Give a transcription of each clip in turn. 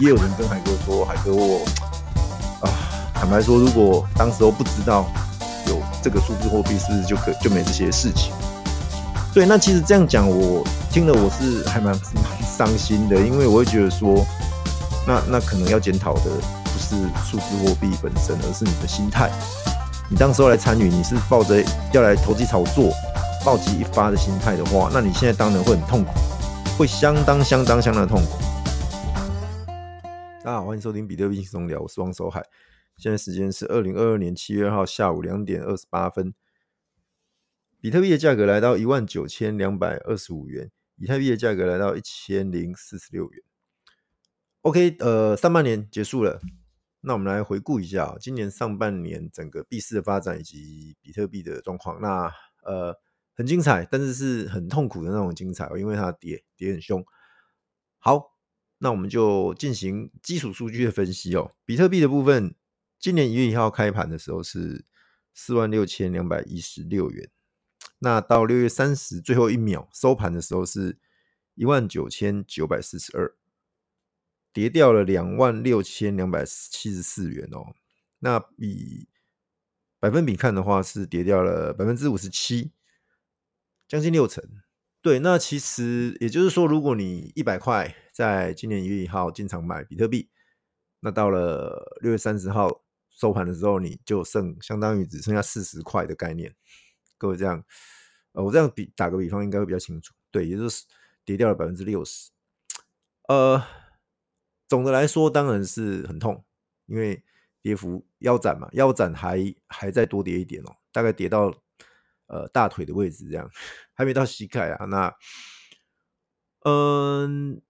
也有人跟海哥說：“海哥我，我、呃、啊，坦白說，如果當時候不知道有這個數字貨幣是不是就可就沒這些事情？對，那其實這樣講我，我聽了我是還蠻蠻傷心的，因為我會覺得說，那那可能要檢討的不是數字貨幣本身，而是你的心態。你當時候來參與，你是抱着要來投機炒作、暴擊一發的心態的話，那你現在當然會很痛苦，會相當相當相當的痛苦。”大家好，歡迎收聽比特幣輕鬆聊，我是汪守海。現在時間是二零二二年七月二號下午兩點二十八分，比特幣的價格來到一萬九千兩百二十五元，以太幣的價格來到一千零四十六元。OK，呃，上半年結束了，那我們來回顧一下今年上半年整個幣市的發展以及比特幣的狀況。那呃，很精彩，但是是很痛苦的那種精彩，因為它跌跌很凶。好。那我們就進行基礎數據的分析哦。比特幣的部分，今年一月一號開盤的時候是四萬六千兩百一十六元，那到六月三十最後一秒收盤的時候是一萬九千九百四十二，跌掉了兩萬六千兩百七十四元哦。那比百分比看的話是跌掉了百分之五十七，將近六成。對，那其實也就是說，如果你一百塊。在今年一月一號進場買比特幣，那到了六月三十號收盤的時候，你就剩相當於只剩下四十塊的概念。各位這樣，呃，我這樣比，打個比方，應該會比較清楚。對，也就是跌掉了百分之六十。呃，總的來說當然是很痛，因為跌幅腰斬嘛，腰斬還還再多跌一點哦，大概跌到呃大腿的位置這樣，還沒到膝蓋啊。那，嗯。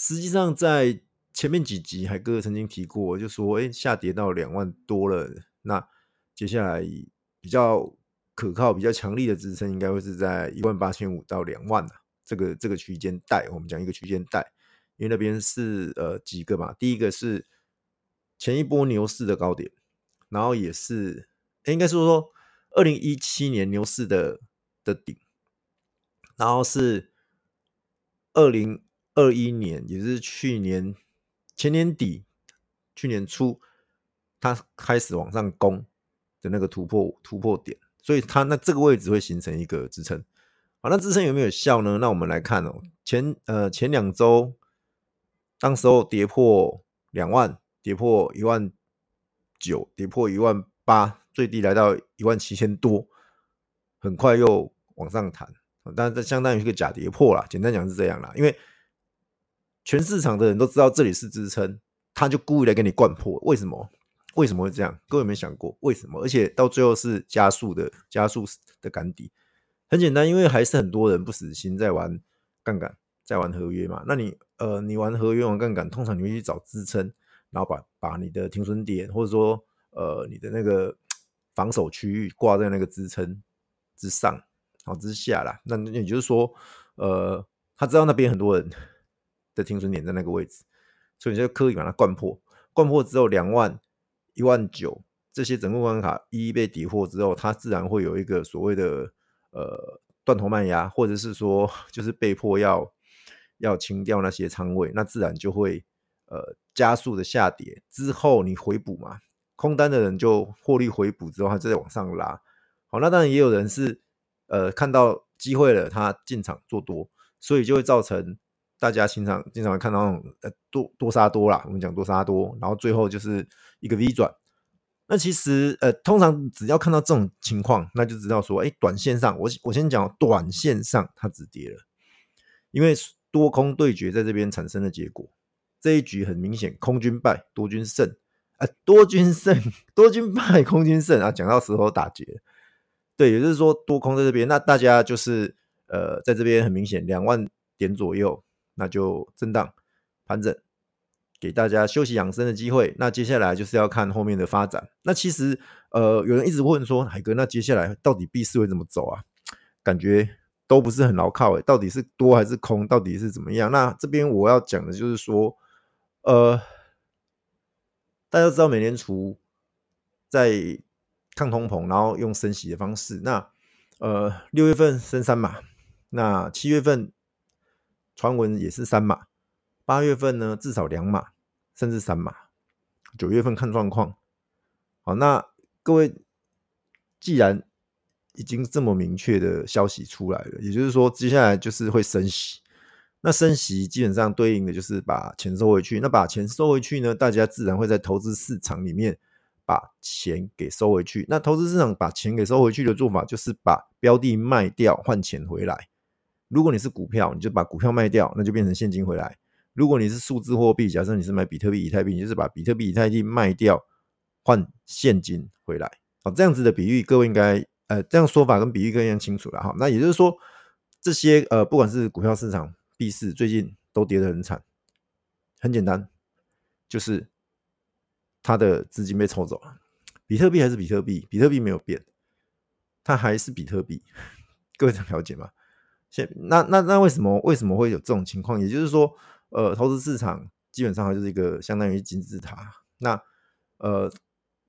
實際上，在前面幾集海哥，哥曾經提過，就說哎，下跌到兩萬多了，那接下來比較可靠、比較強力的支撐應該會是在一萬八千五到兩萬這個這個區間帶。我們講一個區間帶，因為那邊是呃幾個嘛，第一個是前一波牛市的高點，然後也是，哎，應該是說二零一七年牛市的的頂，然後是二零。二一年也是去年前年底、去年初，它開始往上攻的那個突破突破點，所以它那這個位置會形成一個支撐。好，那支撐有沒有效呢？那我們來看哦，前呃前兩周，當時候跌破兩萬，跌破一萬九，跌破一萬八，最低來到一萬七千多，很快又往上彈，但這相當於一個假跌破啦。簡單講是這樣啦，因為，全市場的人都知道這裡是支撐，他就故意來給你灌破。為什麼？為什麼會這樣？各位有沒有想過為什麼？而且到最後是加速的加速的趕底，很簡單，因為還是很多人不死心在玩槓桿，在玩合約嘛。那你呃，你玩合約玩槓桿，通常你會去找支撐，然後把把你的停損點或者說呃你的那個防守區域掛在那個支撐之上，好之下啦，那也就是說，呃，他知道那邊很多人。的停損點在那個位置，所以你就刻意把它灌破，灌破之後兩萬、一萬九這些整個關卡一一被抵破之後，它自然會有一個所謂的呃斷頭賣壓，或者是說就是被迫要要清掉那些倉位，那自然就會呃加速的下跌。之後你回補嘛，空單的人就獲利回補之後，它再往上拉。好，那當然也有人是呃看到機會了，他進場做多，所以就會造成。大家經常經常看到呃多多殺多啦，我們講多殺多，然後最後就是一個 V 轉。那其實呃，通常只要看到這種情況，那就知道說，哎，短線上我我先講短線上它止跌了，因為多空對決在這邊產生的結果，這一局很明顯空軍敗，多軍勝啊、呃，多軍勝多軍敗，空軍勝啊，講到舌頭打結。對，也就是說多空在這邊，那大家就是呃，在這邊很明顯兩萬點左右。那就震盪盤整，給大家休息養生的機會。那接下來就是要看後面的發展。那其實，呃，有人一直問說，海哥，那接下來到底幣市會怎麼走啊？感覺都不是很牢靠誒、欸，到底是多還是空，到底是怎麼樣？那這邊我要講的就是說，呃，大家都知道美聯儲在抗通膨，然後用升息的方式。那呃，六月份升三嘛，那七月份。傳聞也是三碼，八月份呢至少兩碼，甚至三碼，九月份看狀況。好，那各位既然已經這麼明確的消息出來了，也就是說接下來就是會升息，那升息基本上對應的就是把錢收回去。那把錢收回去呢，大家自然會在投資市場裡面把錢給收回去。那投資市場把錢給收回去的做法，就是把標的賣掉換錢回來。如果你是股票，你就把股票賣掉，那就變成現金回來。如果你是數字貨幣，假設你是買比特幣、以太幣，你就是把比特幣、以太幣賣掉，換現金回來。哦，這樣子的比喻，各位應該呃，這樣說法跟比喻更加清楚了哈。那也就是說，這些呃，不管是股票市場、幣市，最近都跌得很慘。很簡單，就是它的資金被抽走了。比特幣還是比特幣，比特幣沒有變，它還是比特幣。各位了解嗎？現，那那那為什麼為什麼會有這種情況？也就是說，呃，投資市場基本上就是一個相當於金字塔。那呃，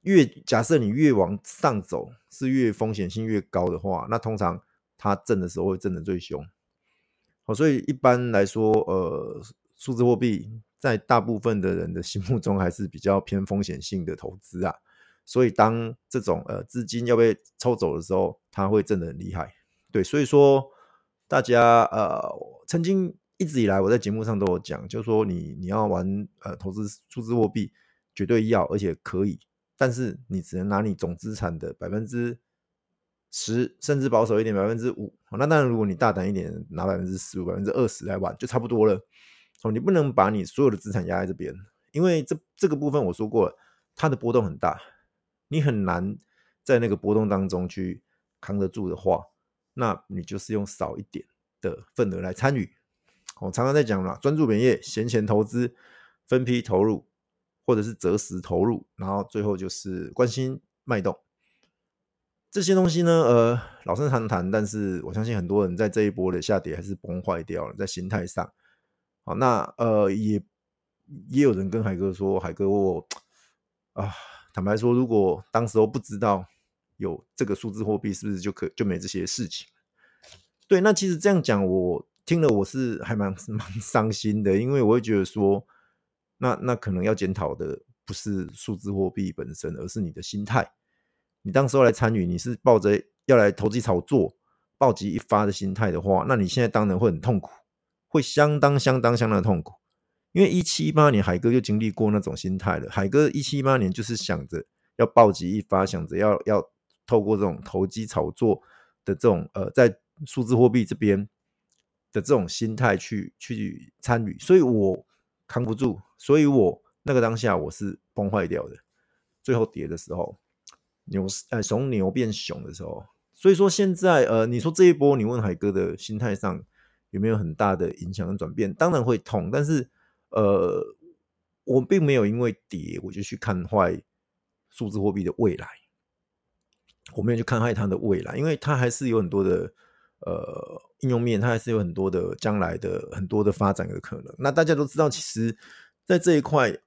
越假設你越往上走，是越風險性越高的話，那通常它掙的時候會掙得最凶。好，哦，所以一般來說，呃，數字貨幣在大部分的人的心目中還是比較偏風險性的投資啊。所以當這種呃資金要被抽走的時候，它會掙得很厲害。對，所以說。大家呃，曾經一直以來我在節目上都有講，就是說你你要玩呃投資數字貨幣，絕對要而且可以，但是你只能拿你總資產的百分之十，甚至保守一點百分之五。那當然，如果你大膽一點，拿百分之十五、百分之二十來玩就差不多了。哦，你不能把你所有的資產壓在這邊，因為這這個部分我說過了，它的波動很大，你很難在那個波動當中去扛得住的話。那你就是用少一點的份額來參與。我、哦、常常在講了，專注本業，閒錢投資，分批投入，或者是擇時投入，然後最後就是關心脈動這些東西呢。呃，老生常談，談，但是我相信很多人在這一波的下跌還是崩壞掉了，在心態上。好、哦，那呃也也有人跟海哥說，海哥我啊、呃，坦白說，如果當時候不知道。有這個數字貨幣是不是就可就沒這些事情？對，那其實這樣講，我聽了我是還蠻蠻傷心的，因為我會覺得說，那那可能要檢討的不是數字貨幣本身，而是你的心態。你當時候來參與，你是抱着要來投機炒作、暴擊一發的心態的話，那你現在當然會很痛苦，會相當相當相當的痛苦。因為一七一八年海哥就經歷過那種心態了，海哥一七一八年就是想着要暴擊一發，想着要要。要透過這種投機炒作的這種呃，在數字貨幣這邊的這種心態去去參與，所以我扛不住，所以我那個當下我是崩壞掉的。最後跌的時候，牛呃從牛變熊的時候，所以說現在呃，你說這一波，你問海哥的心態上有沒有很大的影響跟轉變？當然會痛，但是呃，我並沒有因為跌我就去看壞數字貨幣的未來。我們也去看看它的未來，因為它還是有很多的呃應用面，它還是有很多的將來的很多的發展的可能。那大家都知道，其實，在這一塊，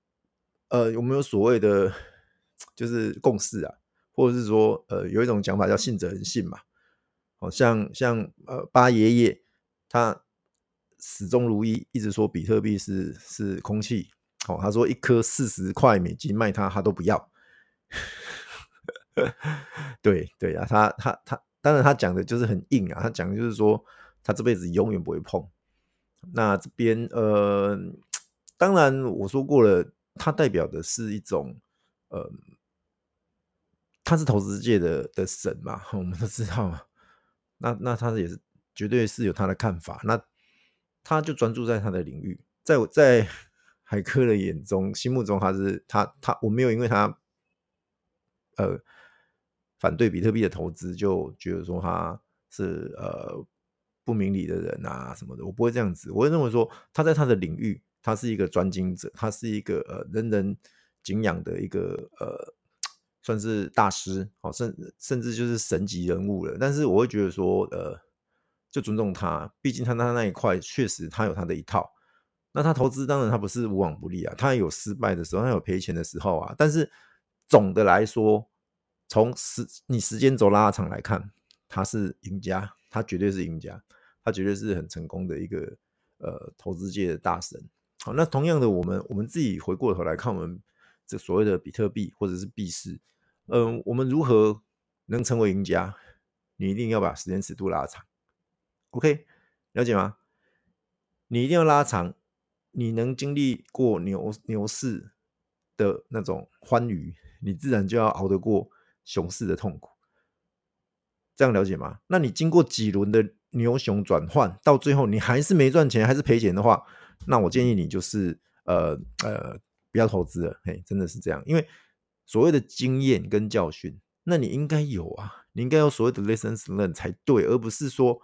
呃，有沒有所謂的就是共識啊？或者是說，呃，有一種講法叫信則恆信嘛？好、哦、像像呃，巴爺爺他始終如一，一直說比特幣是是空氣。哦，他說一顆四十塊美金賣他，他都不要。 對對啊，他他他，當然他講的就是很硬啊。他講的就是說，他這輩子永遠不會碰。那這邊呃，當然我說過了，他代表的是一種呃，他是投資界的的神嘛，我們都知道。那那他也是絕對是有他的看法。那他就專注在他的領域，在我在海哥的眼中、心目中他，他是他他，我沒有因為他，呃。反對比特幣的投資，就覺得說他是呃不明理的人啊什麼的，我不會這樣子。我會認為說他在他的領域，他是一個專精者，他是一個呃人人敬仰的一個呃算是大師，哦，甚甚至就是神級人物了。但是我會覺得說，呃，就尊重他，畢竟他那他那一塊確實他有他的一套。那他投資當然他不是無往不利啊，他有失敗的時候，他有賠錢的時候啊。但是總的來說，從時你時間軸拉，拉長來看，他是贏家，他絕對是贏家，他絕對是很成功的一個呃投資界的大神。好，那同樣的，我們我們自己回過頭來看，我們這所謂的比特幣或者是幣市，嗯、呃，我們如何能成為贏家？你一定要把時間尺度拉長，OK，了解嗎？你一定要拉長，你能經歷過牛牛市的那種歡愉，你自然就要熬得過。熊市的痛苦，這樣了解嗎？那你經過幾輪的牛熊轉換，到最後你還是沒賺錢，還是賠錢的話，那我建議你就是呃呃不要投資了，嘿，真的是這樣，因為所謂的經驗跟教訓，那你應該有啊，你應該有所謂的 lessons learned 才對，而不是說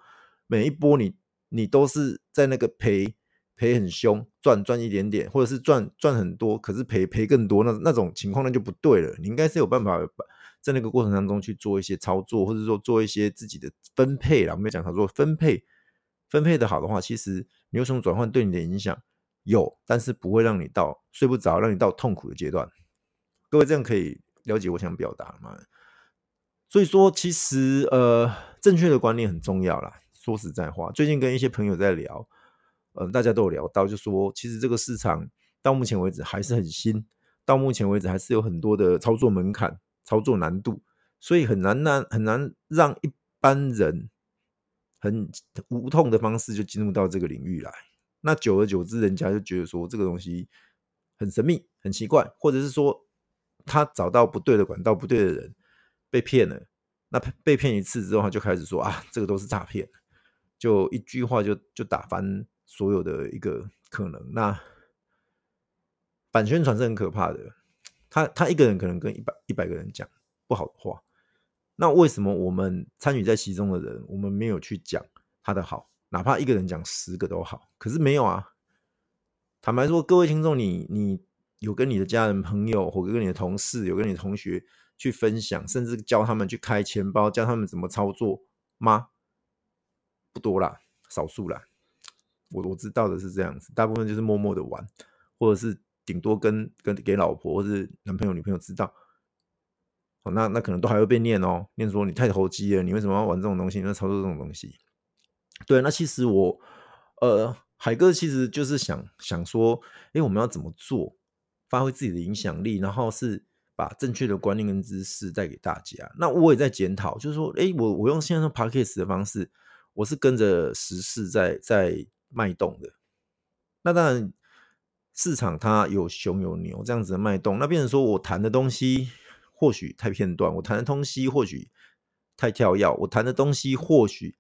每一波你你都是在那個賠賠很凶，賺賺一點點，或者是賺賺很多，可是賠賠更多，那那種情況那就不對了，你應該是有辦法。在那個過程當中去做一些操作，或者說做一些自己的分配了。我們講叫做分配，分配的好的話，其實牛熊轉換對你的影響有，但是不會讓你到睡不着，讓你到痛苦的階段。各位這樣可以了解我想表達嗎？所以說，其實呃，正確的觀念很重要啦。說實在話，最近跟一些朋友在聊，嗯、呃，大家都有聊到，就說其實這個市場到目前為止還是很新，到目前為止還是有很多的操作門檻。操作難度，所以很難讓很難讓一般人很無痛的方式就進入到這個領域來。那久而久之，人家就覺得說，這個東西很神秘、很奇怪，或者是說他找到不對的管道、不對的人被騙了。那被騙一次之後，他就開始說啊，這個都是詐騙，就一句話就就打翻所有的一個可能。那反宣傳是很可怕的。他他一個人可能跟一百一百個人講不好的話，那為什麼我們參與在其中的人，我們沒有去講他的好？哪怕一個人講十個都好，可是沒有啊。坦白說，各位聽眾，你你有跟你的家人、朋友，或者跟你的同事，有跟你的同學去分享，甚至教他們去開錢包，教他們怎麼操作嗎？不多啦，少數啦，我我知道的是這樣子，大部分就是默默的玩，或者是。頂多跟跟給老婆或者男朋友、女朋友知道，哦，那那可能都還會被念哦，念說你太投機了，你為什麼要玩這種東西？那操作這種東西，對，那其實我，呃，海哥其實就是想想說，哎、欸，我們要怎麼做，發揮自己的影響力，然後是把正確的觀念跟知識帶給大家。那我也在檢討，就是說，哎、欸，我我用現在的 Podcast 的方式，我是跟着時事在在脈動的，那當然，市場它有熊有牛這樣子的脈動，那變成說我談的東西或許太片段，我談的東西或許太跳躍，我談的東西或許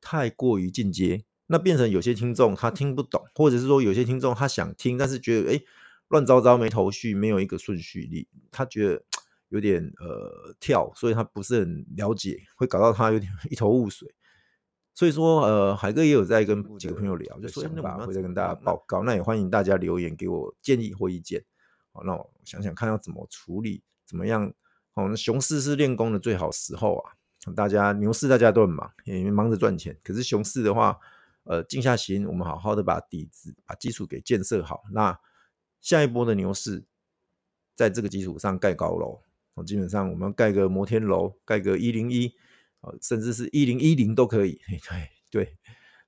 太過於進階，那變成有些聽眾他聽不懂，或者是說有些聽眾他想聽，但是覺得誒亂糟糟沒頭緒，沒有一個順序力，你他覺得有點呃跳，所以他不是很了解，會搞到他有點一頭霧水。所以說，呃，海哥也有在跟幾個朋友聊，對就想法會再跟大家報告。那，那也歡迎大家留言給我建議或意見，好，那我想想看要怎麼處理，怎麼樣？好、嗯，熊市是練功的最好時候啊，大家牛市大家都很忙，也忙着賺錢。可是熊市的話，呃，靜下心，我們好好的把底子、把基礎給建設好。那下一波的牛市，在這個基礎上蓋高樓，哦、基本上我們要蓋個摩天樓，蓋個一零一。甚至是一零一零都可以，對對，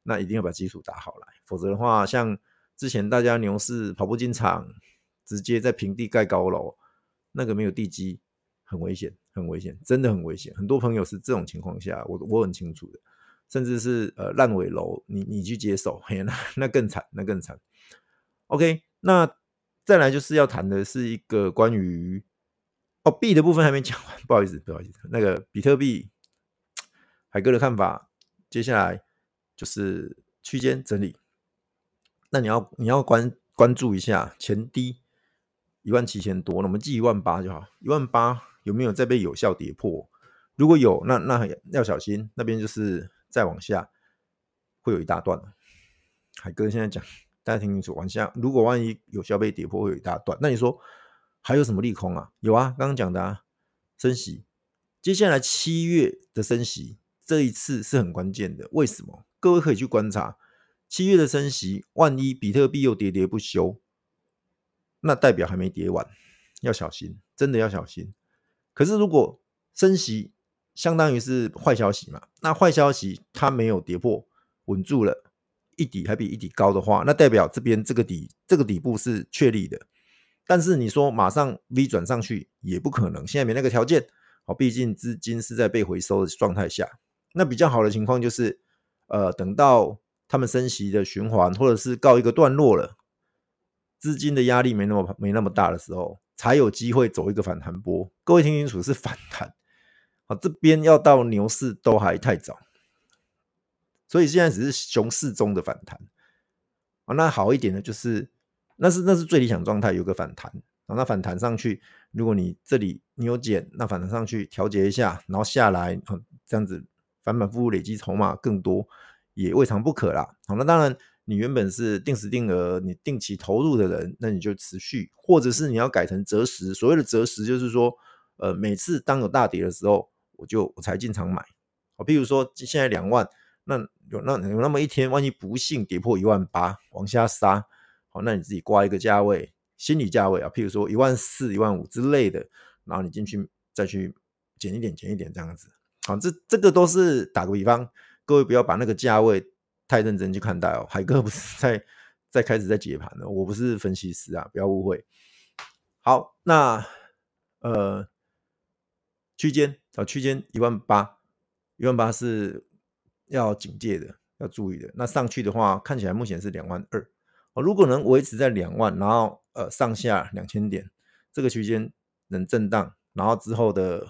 那一定要把基礎打好來，否則的話，像之前大家牛市跑步進場，直接在平地蓋高樓，那個沒有地基，很危險，很危險，真的很危險。很多朋友是這種情況下，我我很清楚的，甚至是呃爛尾樓，你你去接手，那那更慘，那更慘。OK，那再來就是要談的是一個關於哦幣的部分還沒講完，不好意思，不好意思，那個比特幣。海哥的看法，接下來就是區間整理。那你要你要關關注一下前低一萬七千多，那我們記一萬八就好。一萬八有沒有再被有效跌破？如果有，那那要小心，那邊就是再往下會有一大段。海哥現在講，大家聽清楚，往下。如果萬一有效被跌破，會有一大段。那你說還有什麼利空啊？有啊，剛剛講的啊，升息。接下來七月的升息。這一次是很關鍵的，為什麼？各位可以去觀察七月的升息，萬一比特幣又跌跌不休，那代表還沒跌完，要小心，真的要小心。可是如果升息相當於是壞消息嘛，那壞消息它沒有跌破，穩住了，一底還比一底高的話，那代表這邊這個底這個底部是確立的。但是你說馬上 V 轉上去也不可能，現在沒那個條件，好，畢竟資金是在被回收的狀態下。那比較好的情況就是，呃，等到他們升息的循環或者是告一個段落了，資金的壓力沒那麼沒那麼大的時候，才有機會走一個反彈波。各位聽清楚，是反彈。好，啊，這邊要到牛市都還太早，所以現在只是熊市中的反彈。啊，那好一點的就是那是那是最理想狀態，有個反彈。啊，那反彈上去，如果你這裡你有減，那反彈上去調節一下，然後下來，嗯，這樣子。反反复覆累積籌碼更多也未嘗不可啦。好，那當然，你原本是定時定額，你定期投入的人，那你就持續，或者是你要改成擇時。所謂的擇時，就是說，呃，每次當有大跌的時候，我就我才進場買。好，譬如說現在兩萬，那有那有那麼一天，萬一不幸跌破一萬八，往下殺，好，那你自己掛一個價位，心理價位啊，譬如說一萬四、一萬五之類的，然後你進去再去撿一點、撿一點這樣子。好，這這個都是打個比方，各位不要把那個價位太認真去看待哦。海哥不是在在開始在解盤了，我不是分析師啊，不要誤會。好，那呃區間啊，區間一萬八，一萬八是要警戒的，要注意的。那上去的話，看起來目前是兩萬二、呃，如果能維持在兩萬，然後呃上下兩千點這個區間能震盪，然後之後的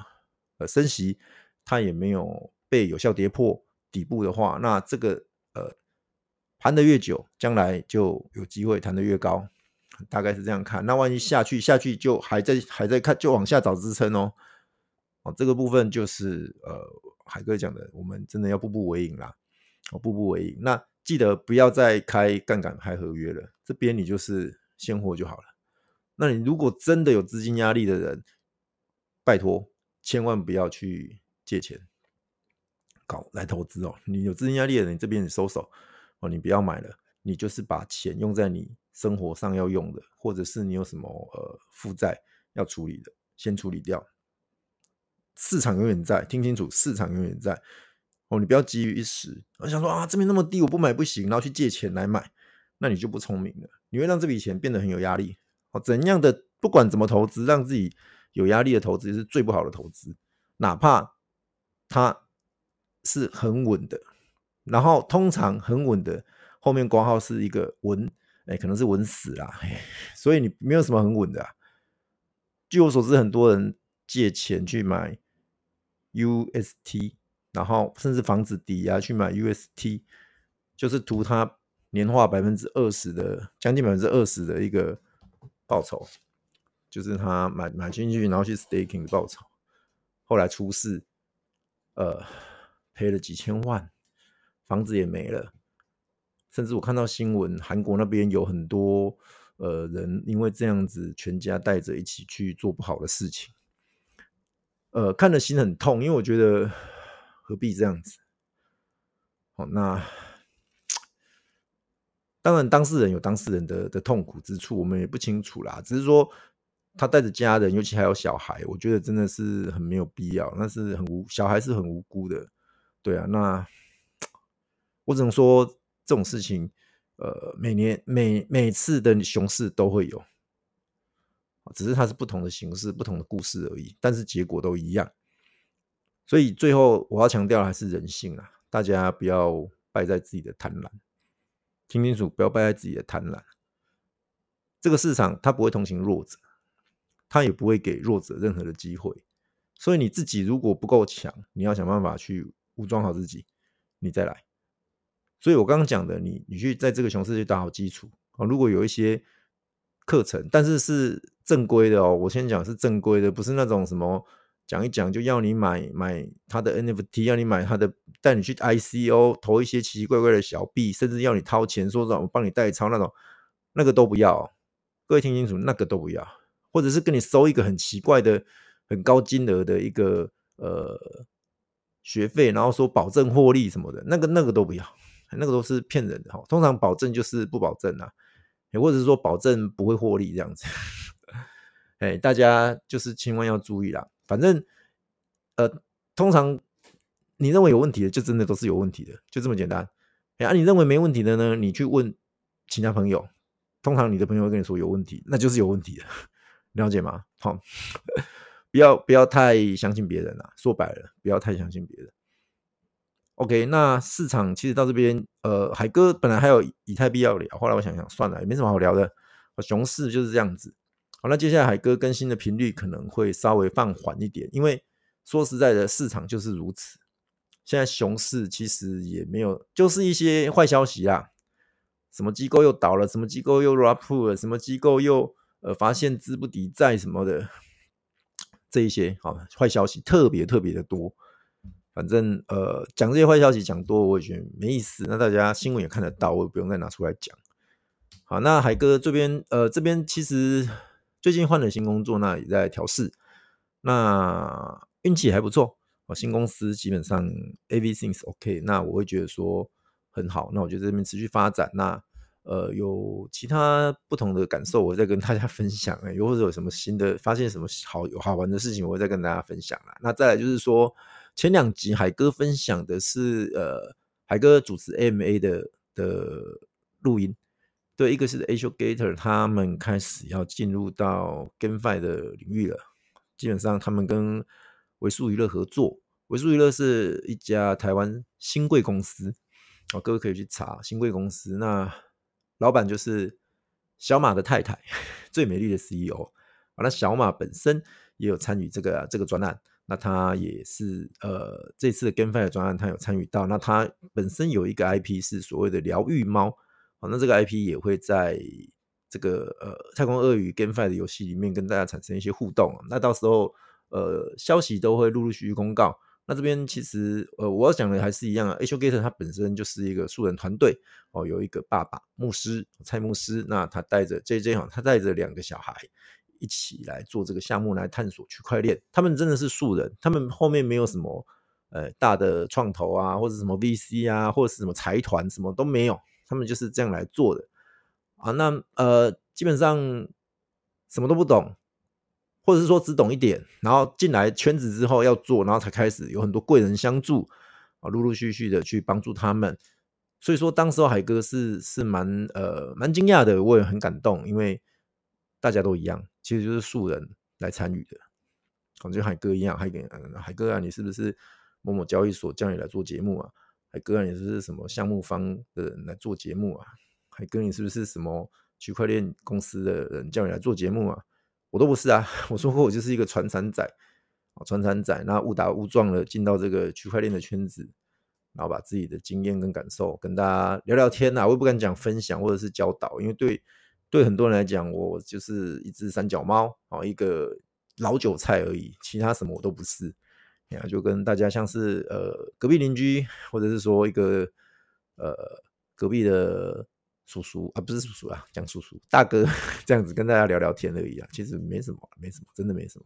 呃升息。它也沒有被有效跌破底部的話，那這個呃盤的越久，將來就有機會彈的越高，大概是這樣看。那萬一下去下去，就還在還在看，就往下找支撐哦。哦，這個部分就是呃海哥講的，我們真的要步步為營啦。哦，步步為營。那記得不要再開槓桿開合約了，這邊你就是現貨就好了。那你如果真的有資金壓力的人，拜託千萬不要去。借錢搞來投資哦，你有資金壓力的人，你這邊你收手哦，你不要買了，你就是把錢用在你生活上要用的，或者是你有什麼，呃，負債要處理的，先處理掉。市場永遠在，聽清楚，市場永遠在哦，你不要急於一時。我想說啊，這邊那麼低，我不買不行，然後去借錢來買，那你就不聰明了，你會讓這筆錢變得很有壓力哦。怎樣的，不管怎麼投資，讓自己有壓力的投資是最不好的投資，哪怕。它是很穩的，然後通常很穩的後面括號是一個穩，哎，可能是穩死啦，所以你沒有什麼很穩的啊。據我所知，很多人借錢去買 UST，然後甚至房子抵押啊，去買 UST，就是圖它年化百分之二十的，將近百分之二十的一個報酬，就是他買買進去，然後去 staking 報酬，後來出事。呃，賠了幾千萬，房子也沒了，甚至我看到新聞，韓國那邊有很多呃人因為這樣子，全家帶着一起去做不好的事情，呃，看了心很痛，因為我覺得何必這樣子。好，哦，那當然當事人有當事人的的痛苦之處，我們也不清楚啦，只是說。他帶着家人，尤其還有小孩，我覺得真的是很沒有必要。那是很無，小孩是很無辜的，對啊。那我只能說這種事情，呃，每年每每次的熊市都會有，只是它是不同的形式、不同的故事而已，但是結果都一樣。所以最後我要強調還是人性啊，大家不要敗在自己的貪婪，聽清楚，不要敗在自己的貪婪。這個市場它不會同情弱者。他也不會給弱者任何的機會，所以你自己如果不夠強，你要想辦法去武裝好自己，你再來。所以我剛剛講的，你你去在這個熊市去打好基礎啊。如果有一些課程，但是是正規的哦，我先講是正規的，不是那種什麼講一講就要你買買他的 NFT，要你買他的，帶你去 ICO 投一些奇奇怪怪的小幣，甚至要你掏錢說讓我幫你代操那種，那個都不要哦。各位聽清楚，那個都不要。或者是跟你收一個很奇怪的、很高金額的一個呃學費，然後說保證獲利什麼的，那個那個都不要，那個都是騙人的，通常保證就是不保證啦，或者是說保證不會獲利這樣子。哎，大家就是千萬要注意啦。反正呃，通常你認為有問題的，就真的都是有問題的，就這麼簡單。而、哎啊、你認為沒問題的呢，你去問其他朋友，通常你的朋友跟你說有問題，那就是有問題的。了解嗎？好，不要不要太相信別人了，啊。說白了，不要太相信別人。OK，那市場其實到這邊，呃，海哥本來還有以太幣要聊，後來我想想算了，也沒什麼好聊的。熊市就是這樣子。好，那接下來海哥更新的頻率可能會稍微放緩一點，因為說實在的，市場就是如此。現在熊市其實也沒有，就是一些壞消息啊，什麼機構又倒了，什麼機構又 rug pull 了，什麼機構又。呃，發現資不抵債什麼的，這一些啊、哦、壞消息特別特別的多。反正呃，講這些壞消息講多，我也覺得沒意思。那大家新聞也看得到，我也不用再拿出來講。好，那海哥這邊呃，這邊其實最近換了新工作，那也在調試。那運氣還不錯我、哦、新公司基本上 everything's OK。那我會覺得說很好，那我就這邊持續發展。那呃，有其他不同的感受，我再跟大家分享又、欸、或者有什麼新的發現，什麼好有好玩的事情，我再跟大家分享啦。那再來就是說，前兩集海哥分享的是呃，海哥主持 AMA 的的錄音，對，一個是 Asia Gator 他們開始要進入到 GameFi 的領域了，基本上他們跟維數娛樂合作，維數娛樂是一家台灣新貴公司，哦，各位可以去查新貴公司那。老板就是小馬的太太，最美麗的 CEO。完、啊、了，那小馬本身也有參與這個、啊、這個專案，那他也是呃，這次的 GameFi 專案他有參與到。那他本身有一個 IP 是所謂的療癒貓，好、啊，那這個 IP 也會在這個呃太空鱷魚 GameFi 的遊戲裡面跟大家產生一些互動。啊、那到時候呃，消息都會陸陸續續公告。那這邊其實，呃，我要講的還是一樣啊，mm hmm. h o g a t e 它本身就是一個素人團隊哦，有一個爸爸牧師蔡牧師，那他帶着 JJ 哈，他帶着兩個小孩一起來做這個項目，來探索區塊鏈。他們真的是素人，他們後面沒有什麼，呃，大的創投啊，或者什麼 VC 啊，或者是什麼財團什麼都沒有，他們就是這樣來做的啊。那呃，基本上什麼都不懂。或者是說只懂一點，然後進來圈子之後要做，然後才開始有很多貴人相助啊，陸陸續續的去幫助他們。所以說，當時候海哥是是蠻呃蠻驚訝的，我也很感動，因為大家都一樣，其實就是素人來參與的。感覺海哥一樣，海哥，海哥啊，你是不是某某交易所叫你來做節目啊？海哥啊，你是不是什麼項目方的人來做節目啊？海哥，你是不是什麼區塊鏈公司的人叫你來做節目啊？我都不是啊，我說過我就是一個傳產仔，傳產仔，那誤打誤撞的進到這個區塊鏈的圈子，然後把自己的經驗跟感受跟大家聊聊天啊，我也不敢講分享或者是教導，因為對對很多人來講，我就是一隻三腳貓啊，一個老韭菜而已，其他什麼我都不是，就跟大家像是呃隔壁鄰居，或者是說一個呃隔壁的。叔叔啊，不是叔叔啊，江叔叔大哥這樣子跟大家聊聊天而已啊，其實沒什麼，沒什麼，真的沒什麼。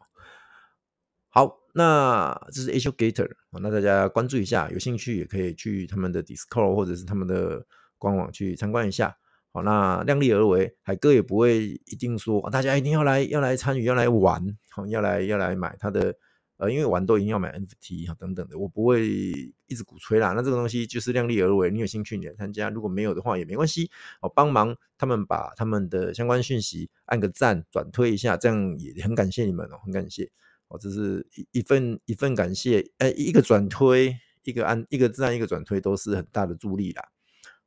好，那這是 Huge Gator，那大家關注一下，有興趣也可以去他們的 Discord 或者是他們的官網去參觀一下。好，那量力而為，海哥也不會一定說大家一定要來，要來參與，要來玩，好，要來要來買他的。呃，因為玩都一定要買 NFT 等等的，我不會一直鼓吹啦。那這個東西就是量力而為，你有興趣你來參加，如果沒有的話也沒關係我、哦、幫忙他們把他們的相關訊息按個讚，轉推一下，這樣也很感謝你們哦，很感謝我只、哦、是一一份一份感謝誒，一個轉推，一個按一個讚，一個轉推都是很大的助力啦。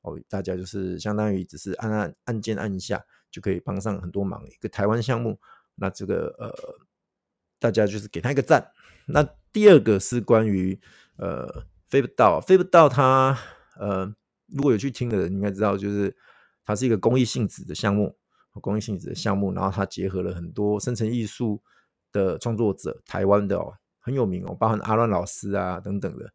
哦，大家就是相當於只是按按按鍵按一下，就可以幫上很多忙。一個台灣項目，那這個呃。大家就是給他一個贊。那第二個是關於呃，飛不到飛不到他呃，如果有去聽的人應該知道，就是它是一個公益性質的項目，公益性質的項目，然後它結合了很多生成藝術的創作者，台灣的哦很有名哦，包含阿亂老師啊等等的。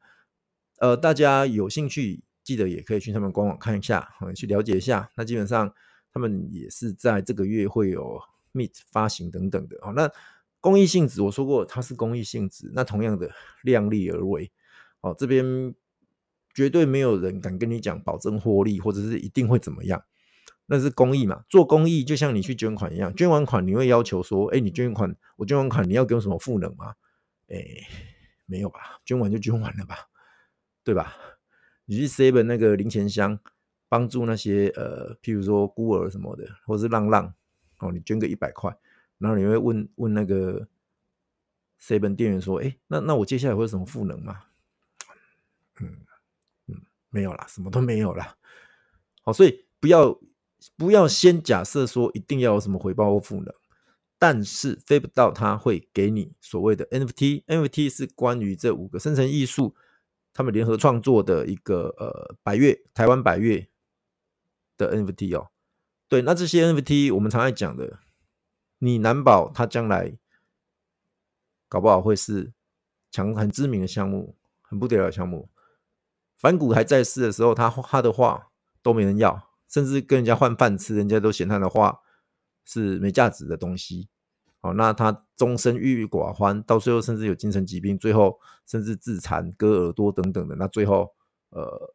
呃，大家有興趣記得也可以去他們官網看一下，嗯，去了解一下。那基本上他們也是在這個月會有 meet 發行等等的，哦，那公益性質，我說過它是公益性質。那同樣的，量力而為。哦，這邊絕對沒有人敢跟你講保證獲利，或者是一定會怎麼樣。那是公益嘛。做公益就像你去捐款一樣，捐完款你會要求說：哎、欸，你捐款，我捐完款你要給我什麼賦能嗎？哎、欸，沒有吧，捐完就捐完了吧，對吧？你去 Seven 那個零錢箱，幫助那些呃，譬如說孤兒什麼的，或者是浪浪哦，你捐個一百塊。然後你會問問那個 Seven 店員說：“誒，那那我接下來會有什麼賦能嗎？嗯嗯，沒有啦，什麼都沒有啦。好，所以不要不要先假設說一定要有什麼回報或賦能，但是飛不到他會給你所謂的 NFT，NFT 是關於這五個生成藝術他們聯合創作的一個呃百越，台灣百越的 NFT 哦。對，那這些 NFT 我們常愛講的。你難保他將來搞不好會是強很知名的項目，很不得了的項目。梵谷還在世的時候，他他的畫都沒人要，甚至跟人家換飯吃，人家都嫌他的畫是沒價值的東西。好、哦，那他終身鬱鬱寡歡，到最後甚至有精神疾病，最後甚至自殘、割耳朵等等的。那最後呃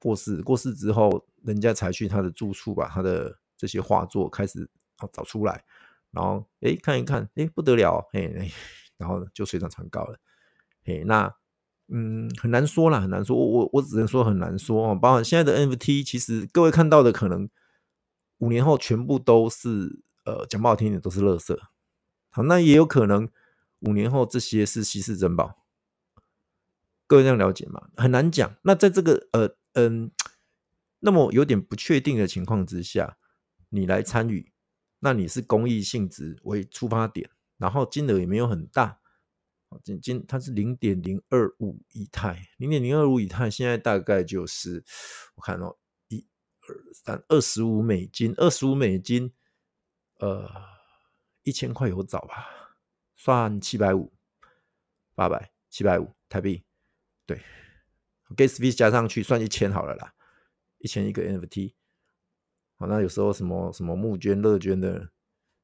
過世過世之後，人家才去他的住處，把他的這些畫作開始找出來。然後，誒，看一看，誒，不得了，嘿，嘿，然後就水漲船高了，嘿，那，嗯，很難說啦，很難說，我我我只能說很難說哦，包括現在的 NFT，其實各位看到的可能五年後全部都是，呃，講不好聽的都是垃圾。好，那也有可能五年後這些是稀世珍寶，各位這樣了解嗎？很難講。那在這個呃嗯、呃，那麼有點不確定的情況之下，你來參與。那你是公益性質為出發點，然後金額也沒有很大，金金它是零點零二五以太，零點零二五以太，現在大概就是我看到、哦、一、二、三二十五美金，二十五美金，呃，一千塊有找吧，算七百五、八百、七百五台幣，對，gas fee 加上去算一千好了啦，一千一個 NFT。好，那有時候什麼什麼募捐樂捐的，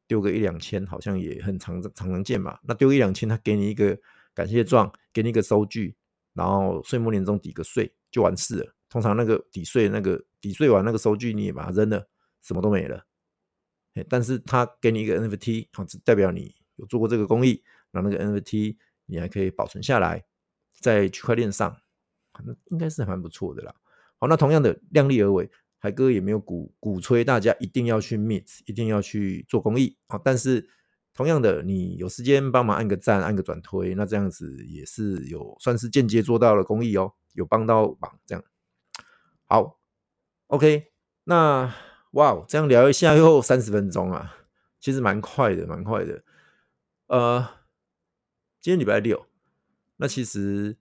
丟個一兩千，好像也很常常常見嘛。那丟一兩千，他給你一個感謝狀，給你一個收據，然後歲末年終抵個稅就完事了。通常那個抵稅那個抵稅完那個收據你也把它扔了，什麼都沒了。哎，但是他給你一個 NFT，好，只代表你有做過這個公益，然後那個 NFT 你還可以保存下來，在區塊鏈上，應該是還蠻不錯的啦。好，那同樣的，量力而為。海哥也沒有鼓鼓吹大家一定要去 meet，一定要去做公益啊。但是同樣的，你有時間幫忙按個讚、按個轉推，那這樣子也是有算是間接做到了公益哦，有幫到忙。這樣好，OK 那。那哇，這樣聊一下又三十分鐘啊，其實蠻快的，蠻快的。呃，今天禮拜六，那其實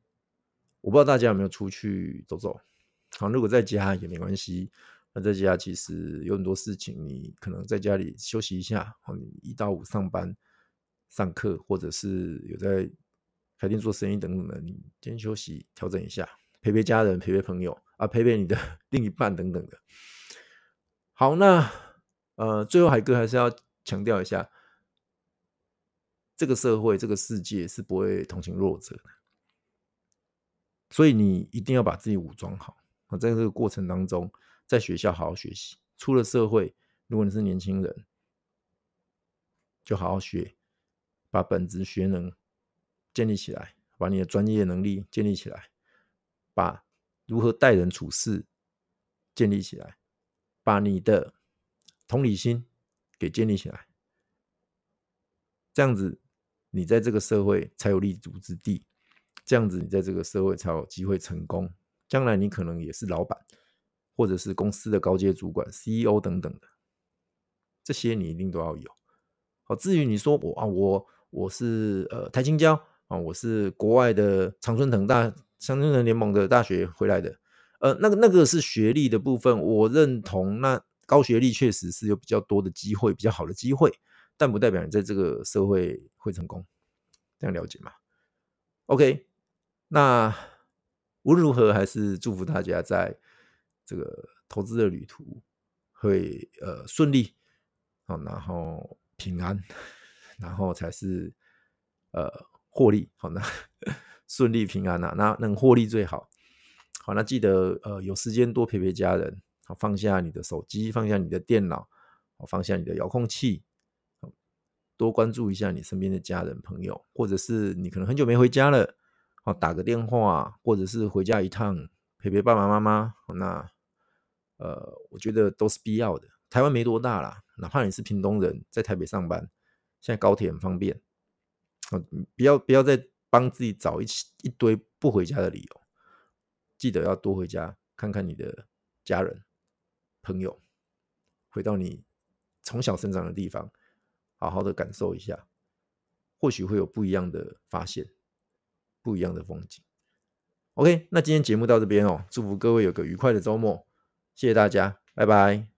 我不知道大家有沒有出去走走。好，如果在家也沒關係。那在家其實有很多事情，你可能在家裡休息一下，你一到五上班、上課，或者是有在開店做生意等等的，你先休息調整一下，陪陪家人、陪陪朋友啊，陪陪你的另一半等等的。好，那呃，最後海哥還是要強調一下，這個社會、這個世界是不會同情弱者的，所以你一定要把自己武裝好啊，在這個過程當中。在學校好好學習，出了社會，如果你是年輕人，就好好學，把本職學能建立起來，把你的專業能力建立起來，把如何待人處事建立起來，把你的同理心給建立起來。這樣子，你在這個社會才有立足之地，這樣子，你在這個社會才有機會成功。將來你可能也是老闆。或者是公司的高階主管、CEO 等等的，這些你一定都要有。好，至於你說我啊，我我是呃台清交啊，我是國外的常春藤大常春藤聯盟的大學回來的。呃，那個那個是學歷的部分，我認同。那高學歷確實是有比較多的機會，比較好的機會，但不代表你在這個社會會成功。這樣了解嗎？OK，那無論如何還是祝福大家在。這個投資的旅途會呃順利，好，然後平安，然後才是呃獲利。好，那順利平安啊，那能、那個、獲利最好。好，那記得呃有時間多陪陪家人，好，放下你的手機，放下你的電腦，好，放下你的遙控器，多關注一下你身邊的家人朋友，或者是你可能很久沒回家了，好，打個電話，或者是回家一趟陪陪爸爸媽媽。好那呃，我覺得都是必要的。台灣沒多大啦，哪怕你是屏東人，在台北上班，現在高鐵很方便。嗯、呃，不要不要再幫自己找一起一堆不回家的理由。記得要多回家看看你的家人、朋友，回到你從小生長的地方，好好的感受一下，或許會有不一樣的發現，不一樣的風景。OK，那今天節目到這邊哦，祝福各位有個愉快的周末。謝謝大家，拜拜。